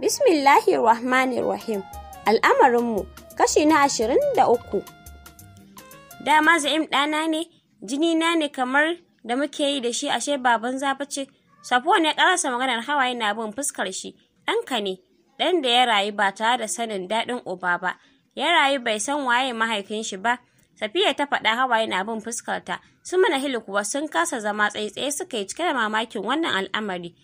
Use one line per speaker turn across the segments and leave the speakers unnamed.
Bismillahi Rahmanir Rahim. Al'amarinmu kashi na ashirin da uku. Dama za'im ɗana ne, jini na ne kamar da muke yi da shi ashe baban zafa ce. Safuwa ne ƙarasa maganar hawaye na bin fuskar shi. Ɗanka ne, ɗan da ya rayu ba tare da sanin daɗin uba ba. Ya rayu bai san waye mahaifin shi ba. Safiya ta faɗa hawaye na bin fuskarta. Su mana hili kuwa sun kasa zama tsaitsaye suka yi cike da mamakin wannan al'amari.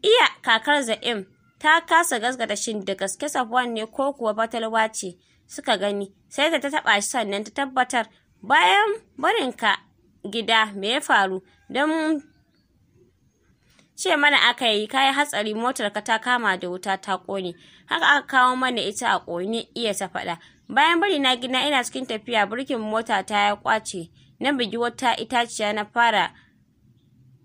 Iya kakar za'im ta kasa gasgata shin da gaske Safwan ne ko kuwa batalwa ce suka gani sai da ta taba shi sannan ta tabbatar bayan barinka gida me ya faru don ce mana aka yi kayi hatsari motar ka ta kama da wuta ta kone haka aka kawo mana ita a kone iya ta faɗa bayan bari na gina ina cikin tafiya birkin mota ta ya kwace na bugi wata itaciya na fara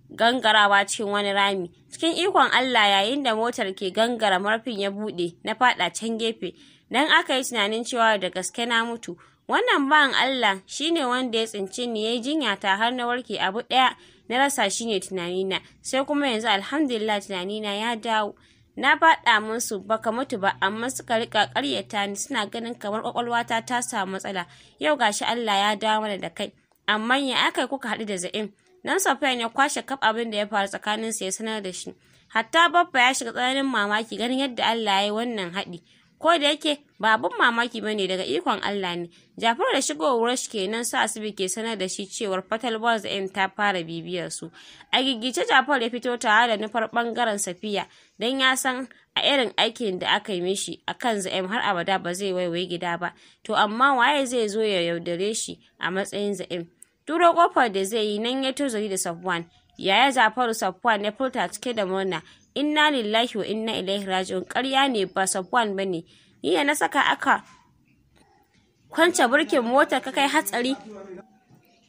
gangarawa cikin wani rami. Cikin ikon Allah yayin da motar ke gangara marfin ya bude na faɗa can gefe. Dan aka yi tunanin cewa da gaske na mutu. Wannan ban Allah shine wanda ya tsinci ni yayi jinya ta har na warke abu ɗaya na rasa shine ne tunanina. Sai kuma yanzu alhamdulillah na ya dawo. Na faɗa musu baka mutu ba amma suka rika ƙaryata ni suna ganin kamar ƙwaƙwalwata ta samu matsala. Yau gashi Allah ya dawo mana da kai. Amma ya akai kuka haɗu da za'in. Nan Safiyan ya kwashe kaf abin da ya faru tsakanin su ya sanar da shi. Hatta Baffa ya shiga tsananin mamaki ganin yadda Allah ya yi wannan haɗi. Ko da yake ba abin mamaki ba ne daga ikon Allah ne. Jafaru da shigowar shi kenan su asibi ke sanar da shi cewar Fatal Boys in ta fara bibiyar su. A gigice Jafaru ya fito tare da nufar bangaren Safiya don ya san a irin aikin da aka yi mishi a kan za'im har abada ba zai waiwai gida ba. To amma waye zai zo ya yaudare shi a matsayin za'im. Turo kofar da zai yi nan ya tuzuri da Safwan. Yaya Zafaru Safwan ya furta cike da murna. Inna lillahi wa inna ilaihi raji'un. Ƙarya ne ba Safwan bane. Ni ya na saka aka kwance burkin mota ka kai hatsari.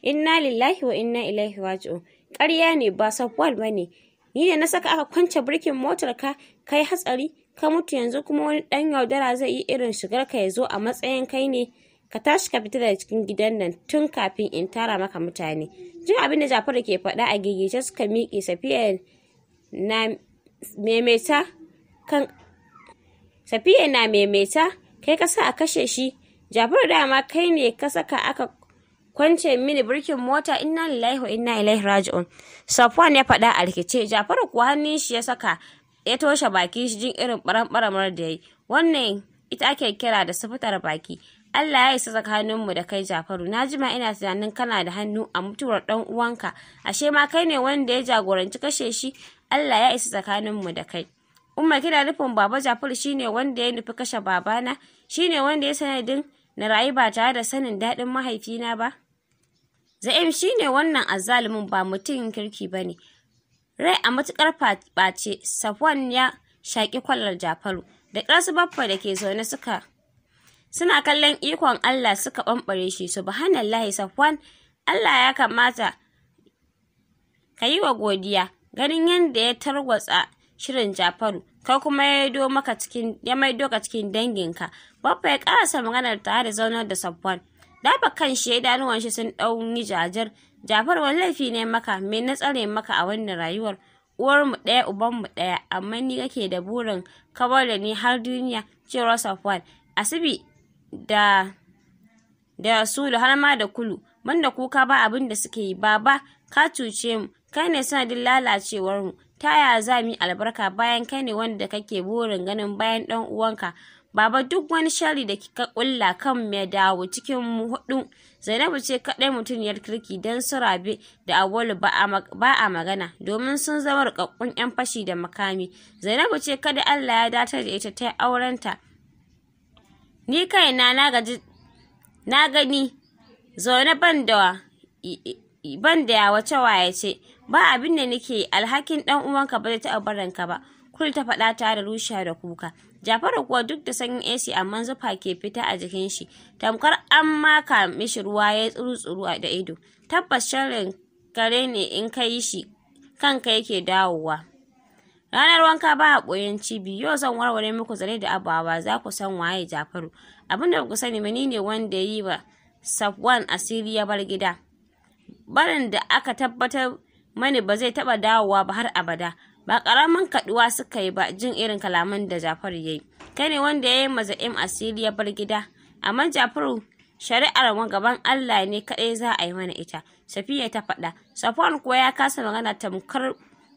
Inna lillahi wa inna ilaihi raji'un. Ƙarya ne ba Safwan bane. Ni da na saka aka kwance burkin motar ka kai hatsari. ka mutu yanzu kuma wani ɗan yaudara zai yi irin shigar ka ya zo a matsayin kai ne ka tashi ka fita daga cikin gidan nan tun kafin in tara maka mutane jin abin da jafaru ke faɗa a gigice suka miƙe safiya na maimaita kan safiya na maimaita kai ka sa a kashe shi jafaru dama kai ne ka saka aka kwance mini birkin mota inna lillahi wa inna ilaihi raji'un safwan ya faɗa a rikice jafaru kuwa hannun shi ya saka ya toshe baki shi jin irin baran da yi. wannan ita ake kira da sufutar baki Allah ya isa tsakaninmu da kai Jafaru na jima ina tunanin kana da hannu a mutuwar dan uwanka ashe ma kai ne wanda ya jagoranci kashe shi Allah ya isa tsakaninmu da kai Umma kina nufin Baba Jafaru shine wanda ya nufi kashe babana shine wanda ya sanadin na rayu ba tare da sanin daɗin mahaifina ba Za'im shine wannan azzalumin ba mutum kirki bane Rai a matukar ɓace Safwan ya shaƙi kwalar Jafaru da ƙarsu baffa da ke zaune suka suna kallon ikon Allah suka ɓamɓare shi subhanallahi safwan Allah ya kamata ka yi wa godiya ganin yadda ya targwatsa shirin Jafaru kai kuma ya maido maka cikin ya maido ka cikin danginka babba ya karasa maganar tare da zaunar da safwan dafa kan shi idanuwan shi sun ɗau yi jajar Jafar wani laifi ne maka me na tsare maka a wannan rayuwar uwarmu ɗaya ubanmu ɗaya amma ni kake da burin kawar da ni har duniya cewa safwan asibi da da sulu har ma da kulu banda kuka ba abin da suke yi baba ka cuce mu kai ne sanadin lalacewar mu taya za mu albarka bayan kai ne wanda kake burin ganin bayan dan uwanka baba duk wani shari da kika kulla kan mai dawo cikin mu hudu zainabu ce kadai mutuniyar kirki dan su rabe da awolu ba a magana domin sun zama rikakkun yan fashi da makami zainabu ce kada allah ya datar da ita ta aurenta ni kaina na gaji na gani zaune ban da ban da ya wace waye ce ba abin da nake alhakin dan uwanka ba zai taɓa barinka ba kul ta faɗa ta da rusha da kuka Jafaru kuwa duk da sanyin AC amma zufa ke fita a jikin shi tamkar an maka mishi ruwa ya tsuru tsuru da ido tabbas shirin kare ne in kai shi kanka yake dawowa Ranar wanka ba a ɓoyen cibi, yau zan warware muku zane da abawa za ku san waye Jafaru. Abinda ku sani mani ne wanda ya yi ba Safwan asiri ya bar gida. Barin da aka tabbatar mani ba zai taba dawowa ba har abada. Ba karamin kaɗuwa suka yi ba jin irin kalaman da Jafaru ya yi. Kai ne wanda ya yi maza'im asiri ya bar gida. Amma Jafaru shari'ar gaban Allah ne kaɗai za a yi mana ita. Safiya ta faɗa. Safwan kuwa ya kasa magana tamkar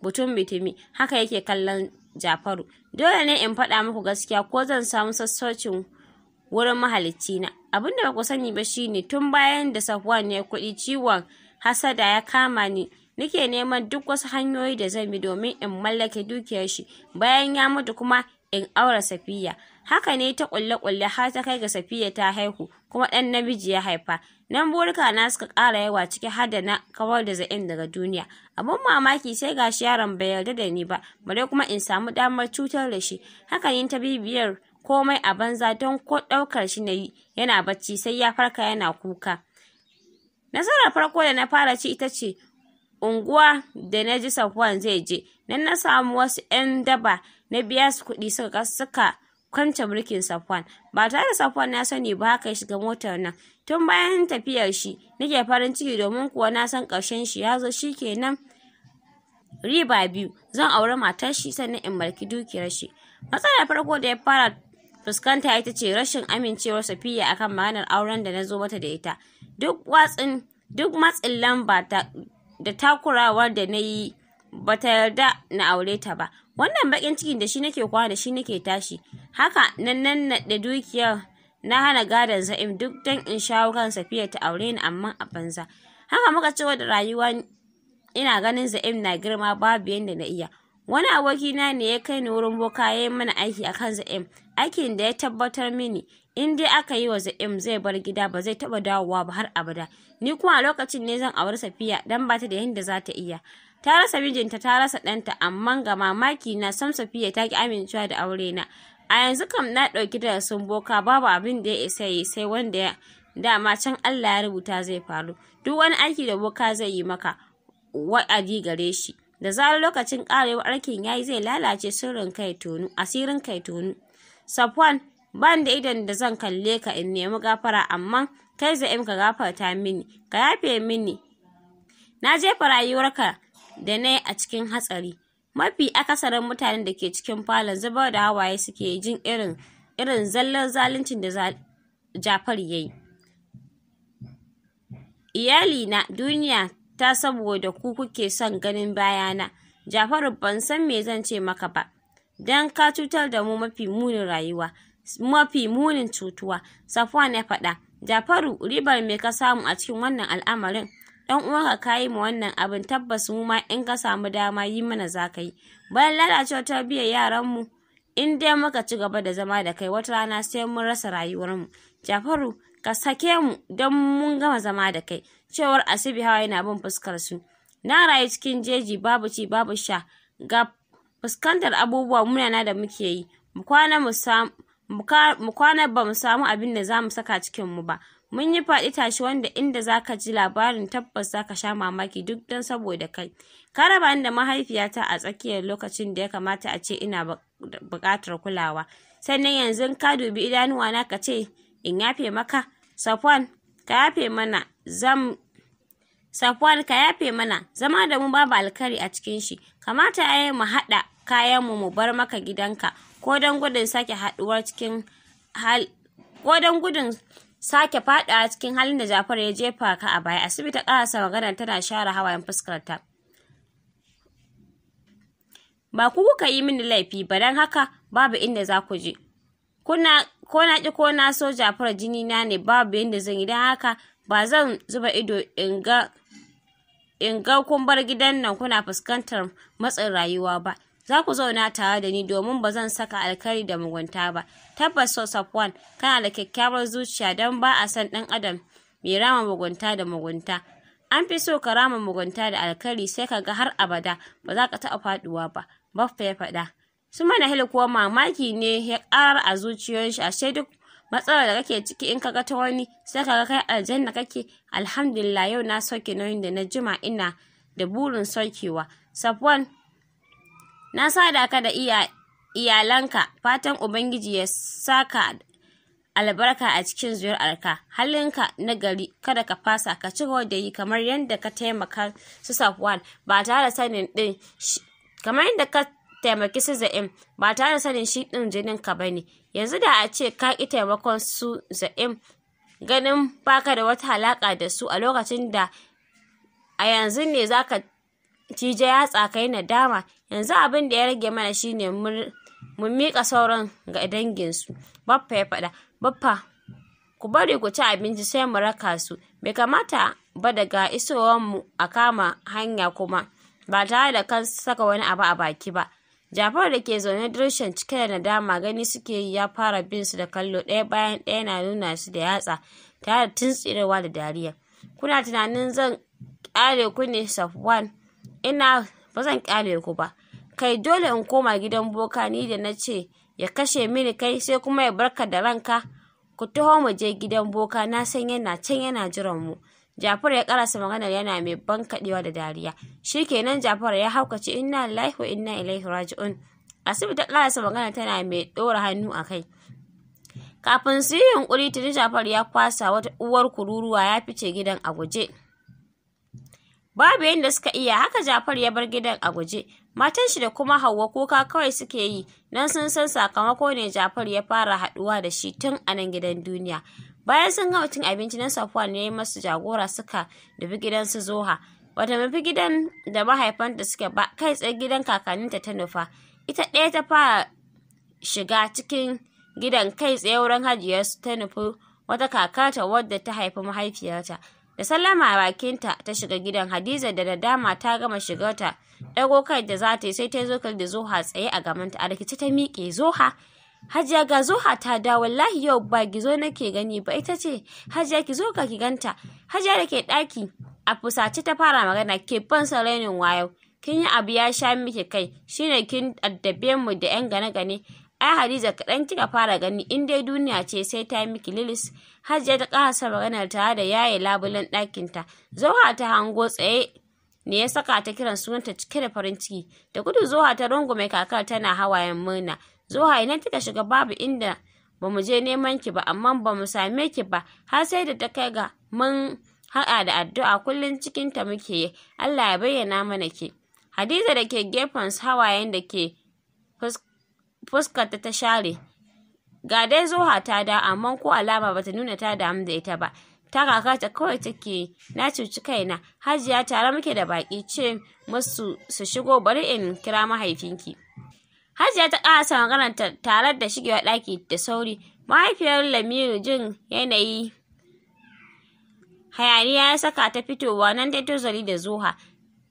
butun bitumi haka yake kallon jafaru dole ne in faɗa muku gaskiya ko zan samu sassocin wurin mahalicci na. abinda ba ku sani ba shine tun bayan da safwan ya kuɗi ciwon hasada ya kama ni Nike neman duk wasu hanyoyi da zan bi domin in mallake dukiyar shi bayan ya mutu kuma in aura Safiya. Haka ne ta ƙulle kulle har ta kai ga Safiya ta haihu kuma ɗan namiji ya haifa. Nan burka na suka ƙara yawa ciki har da na kawar da za'in daga duniya. Abun mamaki sai gashi yaron bai yarda da ni ba, bare kuma in samu damar cutar da shi. Haka ne ta bibiyar komai a banza don ko ɗaukar shi na yana bacci sai ya farka yana kuka. Nasarar farko da na fara ci ita ce unguwa da na ji Safwan zai je, nan na samu wasu 'yan daba na biya su kuɗi suka suka kwanta mulkin Safwan. Ba tare da Safwan na sani ba haka ya shiga motar nan. Tun bayan tafiyar shi, nake farin ciki domin kuwa na san ƙarshen shi ya zo shi nan Riba biyu, zan auri matar shi sannan in mulki dukiyar shi. Matsalar farko da ya fara fuskanta ita ce rashin amincewar Safiya akan maganar auren da na zo mata da ita. Duk watsin duk matsin lamba da takurawar da na yi ba ta yarda na aure ta ba wannan bakin cikin da shi nake kwana da shi nake tashi haka nan nan da dukiyar na hana gadon za'im duk don in shawo kan safiya ta aure ni amma a banza haka muka ci da rayuwa ina ganin za'im na girma babu yadda na iya wani abokina ne ya kai ni wurin boka ya yi mana aiki akan za'im aikin da ya tabbatar mini in dai aka yi wa za'im zai bar gida ba zai taba dawowa ba har abada ni kuma a lokacin ne zan auri safiya dan ba ta da yadda za ta iya ta rasa mijinta ta rasa ɗanta amma ga mamaki na sam safiya ta ki amincewa da aure na a yanzu kam na ɗauki da sun boka babu abin da ya isa yi sai wanda ya dama can Allah ya rubuta zai faru duk wani aiki da boka zai yi maka wa'adi gare shi da zarar lokacin ƙarewar arkin yayi zai lalace sirrin kai tonu asirin kai tonu Safwan ban da idan da zan kalle ka in nemi gafara amma kai zai ka gafarta mini ka yafe mini na jefa rayuwarka da na a cikin hatsari mafi akasarin mutanen da ke cikin falon zubar da hawaye suke jin irin irin zallar zaluncin da jafar ya yi iyalina duniya ta saboda ku kuke son ganin bayana jafaru ban san me zan ce maka ba don ka cutar da mu mafi munin rayuwa mafi munin cutuwa safwan ne faɗa jafaru ribar me ka samu a cikin wannan al'amarin dan uwanka ka yi ma wannan abin tabbas mu ma in ka samu dama yi mana za ka yi bayan ta biya yaran mu in dai muka ci gaba da zama da kai wata rana sai mun rasa rayuwar mu jafaru ka sake mu don mun gama zama da kai cewar asibi hawa yana bin fuskar su na rayu cikin jeji babu ci babu sha ga fuskantar abubuwa munana da muke yi mu kwana ba mu samu abin da za mu saka cikin mu ba mun yi faɗi tashi wanda inda za ka ji labarin tabbas za ka sha mamaki duk don saboda kai ka raba da mahaifiyata a tsakiyar lokacin da ya kamata a ce ina buƙatar kulawa sannan yanzu ka dubi idanuwana ka ce in yafe maka safwan ka yafe mana zam Safwan ka yafe mana zama da mu babu alkari a cikin shi kamata yi mu haɗa kayan mu mu bar maka gidanka ko don gudun sake haduwar cikin hal ko don gudun sake faɗawa cikin halin da Jafar ya jefa ka a baya asibiti karasa magana tana share hawayen fuskarta ba ku kuka yi mini laifi ba dan haka babu inda za ku je kuna ko na ki ko na so Jafar jini na ne babu yadda zan yi don haka ba zan zuba ido in ga in ga kun bar gidan nan kuna fuskantar matsin rayuwa ba za ku zauna tare da ni domin ba zan saka alkari da mugunta ba tabbas so safwan kana da kyakkyawar zuciya don ba a san ɗan adam mai rama mugunta da mugunta an fi so ka rama mugunta da alkari sai ka ga har abada ba za ka taɓa faɗuwa ba baffa ya faɗa su mana hil kuwa mamaki ne ya ƙarar a shi, ashe duk matsalar da kake ciki in ka ga ta wani sai ka ga kai aljanna kake alhamdulillah yau na sauke nauyin da na jima ina da burin saukewa safwan na sada ka da iyalanka fatan ubangiji ya saka albarka a cikin zuri'arka halinka na gari kada ka fasa ka ci da yi kamar yadda ka taimaka su safwan ba tare da sanin din kamar yadda ka taimaki su za'im ba tare da sanin shi din jinin ka bane yanzu da a ce ka ki taimakon su za'im ganin baka da wata halaka da su a lokacin da a yanzu ne zaka cije yatsa ka yi nadama yanzu abin da ya rage mana shine mu miƙa sauran ga danginsu baffa ya faɗa baffa ku bari ku ci abinci sai mu raka su bai kamata ba daga mu a kama hanya kuma ba tare da kan saka wani abu a baki ba Jafar da ke zaune dirshan cike da nadama gani suke ya fara bin su da kallo ɗaya bayan ɗaya na nuna su da yatsa tare da tuntsirewa da dariya. Kuna tunanin zan ƙare ku ne Safwan ina ba zan kyale ku ba kai dole in koma gidan boka ni da na ce ya kashe mini kai sai kuma ya barka da ranka ku taho mu je gidan boka na san yana can yana jiran mu Jafar ya karasa maganar yana mai ban kadewa da dariya Shi kenan Jafar ya haukace inna lillahi wa inna ilaihi raji'un Asibi ta karasa magana tana mai ɗora hannu a kai kafin su yi yunƙuri tuni Jafar ya kwasa wata uwar kururuwa ya fice gidan a guje Babu yadda suka iya haka Jafar ya bar gidan a guje. Matan shi da kuma Hauwa kuka kawai suke yi nan sun san sakamako ne Jafar ya fara haɗuwa da shi tun a nan gidan duniya. Bayan sun gama cin abinci na Safwan ne masu jagora suka dubi gidan su Zoha. wata mafi gidan da mahaifanta suke ba kai tsaye gidan kakanninta ta nufa. Ita ɗaya ta fara shiga cikin gidan kai tsaye wurin hajiyarsu ta nufi wata kakarta wadda ta haifi mahaifiyarta. Da sallama a bakinta ta shiga gidan Hadiza da nadama ta gama shigarta. ɗago kai da za ta yi sai ta yi zo da Zoha tsaye a gamanta a rikice ta miƙe Zoha. Hajiya ga Zoha ta da wallahi yau ba gizo nake gani ba ita ce Hajiya ki zo ka ki ganta. Hajiya da ke ɗaki a fusace ta fara magana ke ban sarainin wayo. Kin yi abu ya sha miki kai shine kin addabe mu da 'yan gane-gane. Ai Hadiza kaɗan kika fara gani in dai duniya ce sai ta yi miki lilis. Hajiya ta ƙarasa magana tare da yaye labulen ɗakinta. zuwa ta hango tsaye ne ya saka ta kiran sunanta cike da farin ciki. Da gudu Zoha ta rungu mai kakar tana hawayen murna. Zoha ina kika shiga babu inda ba mu je neman ki ba amma ba mu same ki ba har sai da ta kai ga mun haɗa da addu'a kullum cikin ta muke yi. Allah ya bayyana mana ke Hadiza da ke gefen hawayen da ke fuskarta ta share. Ga dai Zoha ta da amma ko alama bata nuna ta damu da ita ba. Ta kaka ta kawai take na cuci kaina. Hajiya tare muke da baki ce musu su shigo bari in kira mahaifinki. Hajiya ta kasa magana tare da shigewa ɗaki da sauri. Mahaifiyar Lamiru jin yanayi hayaniya ya saka ta fitowa nan dai tozali da Zoha.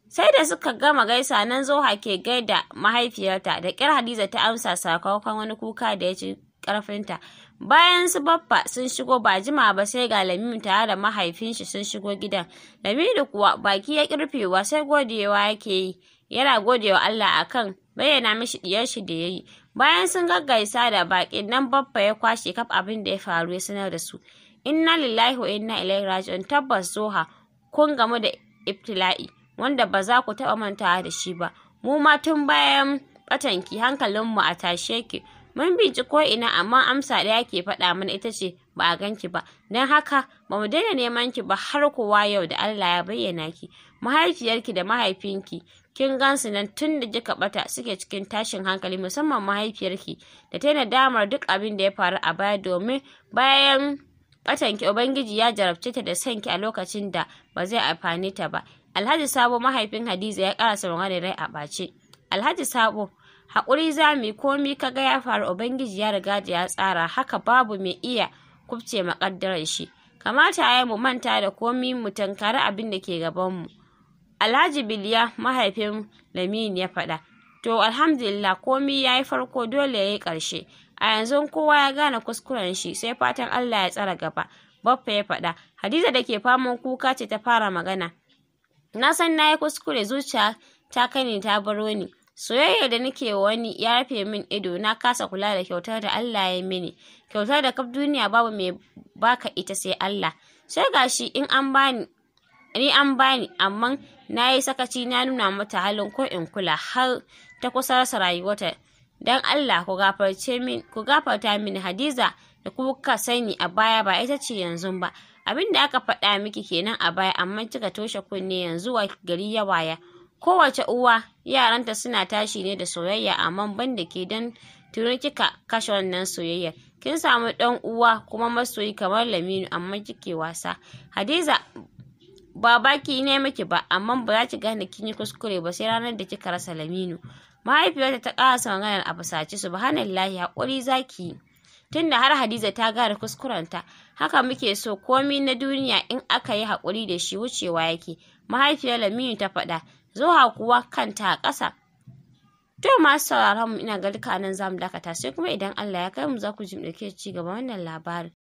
Sai da suka gama gaisa nan Zoha ke gaida mahaifiyarta da ƙyar Hadiza ta amsa sakamakon wani kuka da ya ci karfinta bayan su baffa sun shigo ba jima ba sai ga lamimu tare da mahaifin shi sun shigo gidan lamidu kuwa baki ya kirfewa sai godewa yake yi yana godewa Allah akan bayyana mishi diyar shi da yayi bayan sun gaggaisa da bakin nan baffa ya kwashe kaf abin da ya faru ya sanar da su inna lillahi wa inna ilaihi raji'un tabbas zoha kun gamu da ibtila'i wanda ba za ku taɓa mantawa da shi ba mu ma tun bayan batanki hankalinmu a tashe ki Mun ko ina amma amsa ɗaya ke faɗa mana ita ce ba a ganki ba. Don haka ba mu daina neman ki ba har kuwa yau da Allah ya bayyana ki. Mahaifiyarki da mahaifinki kin gansu nan tun da kika bata suke cikin tashin hankali musamman mahaifiyarki da ta damar duk abin da ya faru a baya domin bayan batanki Ubangiji ya jarabce ta da sanki a lokacin da ba zai amfane ta ba. Alhaji Sabo mahaifin Hadiza ya ƙarasa magana rai a bace Alhaji Sabo haƙuri za mu yi komi ka ga ya faru ubangiji ya riga da ya tsara haka babu mai iya kubce maƙaddarar shi kamata ya mu manta da komi mu tankari abin da ke gaban mu. alhaji biliya mahaifin Lamini ya faɗa to alhamdulillah komi ya yi farko dole ya yi ƙarshe a yanzu kowa ya gane kuskuren shi sai fatan allah ya tsara gaba baffa ya faɗa hadiza da ke faman kuka ce ta fara magana na san na yi kuskure zuciya ta kani ta baro ni Soyayya da nake wani ya rufe min ido na kasa kula da kyautar da Allah ya mini kyautar da kaf duniya babu mai baka ita sai Allah sai gashi in an bani ni an bani amma na yi sakaci na nuna mata halin ko in kula har ta kusa rasa rayuwarta don Allah ku gafarce min ku gafarta min Hadiza da kuka sani a baya ba ita ce yanzu ba abin da aka faɗa miki kenan a baya amma kika toshe kunne yanzu wa gari ya waya Kowace uwa yaranta suna tashi ne da soyayya amma ban da ke don tuni kika kashe wannan soyayya. Kin samu ɗan uwa kuma masoyi kamar Laminu amma kike wasa. Hadiza ba baki ne miki ba amma ba za ki gane kin yi kuskure ba sai ranar da kika rasa Laminu. Mahaifiyarta ta kasa maganar a fasace subhanallahi haƙuri zaki yi. Tunda har Hadiza ta gane kuskurenta, haka muke so komi na duniya in aka yi hakuri da shi wucewa yake. Mahaifiyar Laminu ta faɗa, zuwa kuwa kanta a ƙasa. To masu sauraron mu ina ga duka nan zamu dakata sai kuma idan Allah ya kai mu za ku ji ɗauke ci gaba wannan labarin.